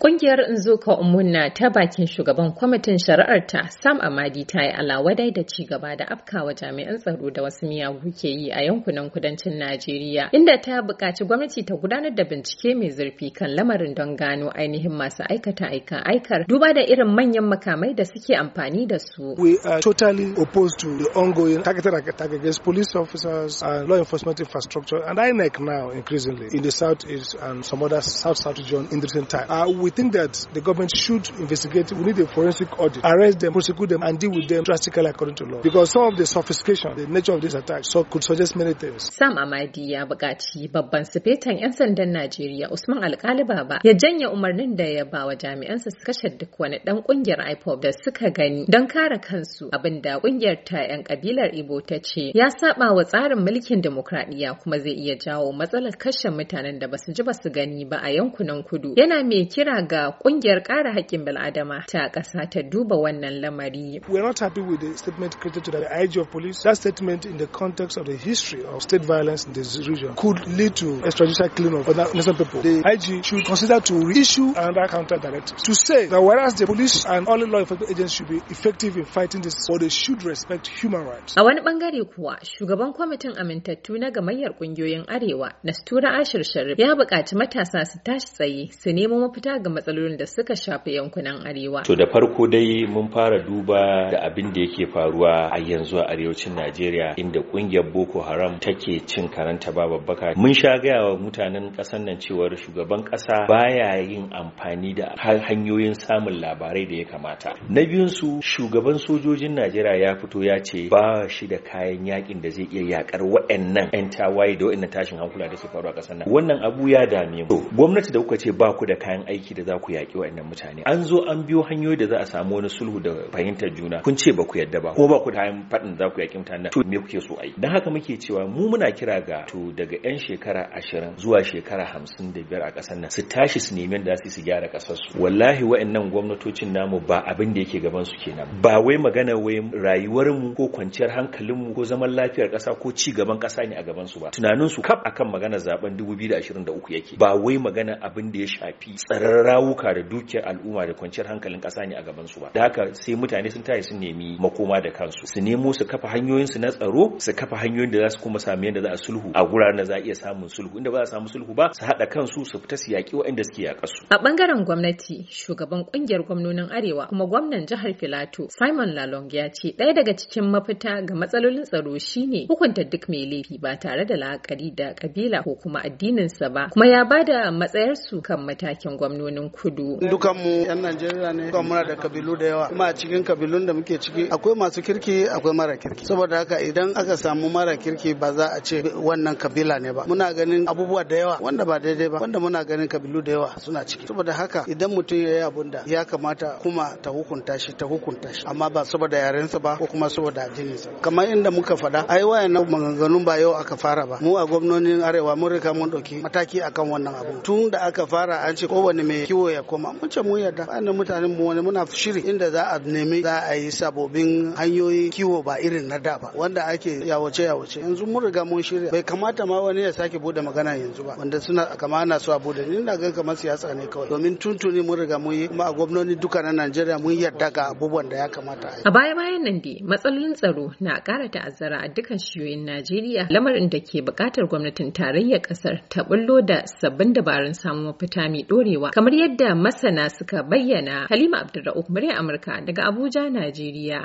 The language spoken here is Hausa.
Ƙungiyar Nzuka Umunna ta bakin shugaban kwamitin shari'arta Sam Amadi ta yi alawadai da ci gaba da afkawa jami'an tsaro da wasu miyagu ke yi a yankunan kudancin Najeriya, inda ta buƙaci gwamnati ta gudanar da bincike mai zurfi kan lamarin don gano ainihin masu aikata aika aikar duba da irin manyan makamai da suke amfani da su. We are totally opposed to the ongoing targeted attack against police officers and law enforcement infrastructure and INEC now increasingly in the southeast and some other south south region in recent time. Uh, we think that the government should investigate. We need a forensic audit, arrest them, prosecute them, and deal with them drastically according to law. Because some of the sophistication, the nature of this attack, so could suggest many things. Sam Amadi ya bukaci babban sufetan 'yan sandan Najeriya Usman alkali Baba ya janye umarnin da ya ba wa jami'ansa su kashe duk wani ɗan ƙungiyar IPOB da suka gani don kare kansu abinda ƙungiyar ta 'yan ƙabilar Ibo ta ce ya saba wa tsarin mulkin demokradiyya kuma zai iya jawo matsalar kashe mutanen da basu ji basu gani ba a yankunan kudu. Yana mai kira ga kungiyar kare haƙƙin bil'adama ta ƙasa ta duba wannan lamari. We are not happy with the statement created to the IG of police. That statement in the context of the history of state violence in this region could lead to extrajudicial killing of other innocent people. The IG should consider to reissue another counter directive to say that whereas the police and all law enforcement agents should be effective in fighting this, or they should respect human rights. A wani bangare kuwa shugaban kwamitin amintattu na gamayyar kungiyoyin Arewa, Nastura Ashir Sharif ya buƙaci matasa su tashi tsaye su nemo mafita ga ga matsalolin da suka shafi yankunan arewa. To da farko dai mun fara duba da abin da yake faruwa a yanzu a arewacin Najeriya inda kungiyar Boko Haram take cin karanta ba babbaka. Mun sha gaya wa mutanen ƙasar nan cewar shugaban ƙasa baya yin amfani da hanyoyin samun labarai da ya kamata. Na biyun su shugaban sojojin Najeriya ya fito ya ce ba shi da kayan yakin da zai iya yakar waɗannan 'yan tawaye da waɗannan tashin hankula da ke faruwa a ƙasar nan. Wannan abu ya dame mu. Gwamnati da kuka ce ba ku da kayan aiki da za ku yaƙi wa'annan mutane an zo an biyo hanyoyi da za a samu wani sulhu da fahimtar juna kun ce ba ku yadda ba ko ba ku kayan faɗin za ku yaƙi mutanen to me kuke so a yi don haka muke cewa mu muna kira ga to daga 'yan shekara ashirin zuwa shekara hamsin da biyar a ƙasar nan su tashi su nemi da su gyara ƙasar su wallahi wa'annan gwamnatocin namu ba abin da yake gaban su kenan ba wai magana wai rayuwar mu ko kwanciyar hankalin mu ko zaman lafiyar ƙasa ko ci gaban ƙasa ne a gaban su ba tunanin su kaf akan magana zaben 2023 yake ba wai magana abin da ya shafi tsararar rawuka da dukiyar al'umma da kwanciyar hankalin ƙasa ne a gaban su ba da haka sai mutane sun tashi sun nemi makoma da kansu su nemo su kafa hanyoyin su na tsaro su kafa hanyoyin da za su kuma sami yadda za a sulhu a guraren da za a iya samun sulhu inda ba za a samu sulhu ba su haɗa kansu su fita su yaƙi waɗanda suke yaƙa su a ɓangaren gwamnati shugaban ƙungiyar gwamnonin arewa kuma gwamnan jihar filato simon lalong ya ce ɗaya daga cikin mafita ga matsalolin tsaro shine hukunta duk mai laifi ba tare da la'akari da kabila ko kuma addininsa ba kuma ya bada matsayarsu kan matakin gwamnoni Birnin Kudu. Dukanmu 'yan Najeriya ne kuma muna da kabilu da yawa kuma a cikin kabilun da muke ciki akwai masu kirki akwai mara kirki saboda haka idan aka samu mara kirki ba za a ce wannan kabila ne ba muna ganin abubuwa da yawa wanda ba daidai ba wanda muna ganin kabilu da yawa suna ciki saboda haka idan mutum ya yi abun da ya kamata kuma ta hukunta shi ta hukunta shi amma ba saboda yarensa ba ko kuma saboda addininsa kamar inda muka faɗa ai wayannan maganganun ba yau aka fara ba mu a gwamnonin arewa mun riga mun ɗauki mataki akan wannan abu tun da aka fara an ce kowane mai kiwo ya koma mun ce mun yarda wannan mutanen mu wani muna shiri inda za a nemi za a yi sabobin hanyoyin kiwo ba irin na da ba wanda ake yawace yawace yanzu mun riga mun shirya bai kamata ma wani ya sake bude magana yanzu ba wanda suna kama ana so a bude ni na gan kamar siyasa ne kawai domin tuntuni mun riga mun yi kuma a gwamnoni duka na Najeriya mun yarda ga abubuwan da ya kamata a baya bayan nan dai matsalolin tsaro na ƙara ta'azzara a dukkan shiyoyin Najeriya lamarin da ke buƙatar gwamnatin tarayyar ƙasar ta bullo da sabbin dabarun samun mafita mai dorewa kamar yadda masana suka bayyana Halima Abdulra'uf murya Amurka daga Abuja, Najeriya.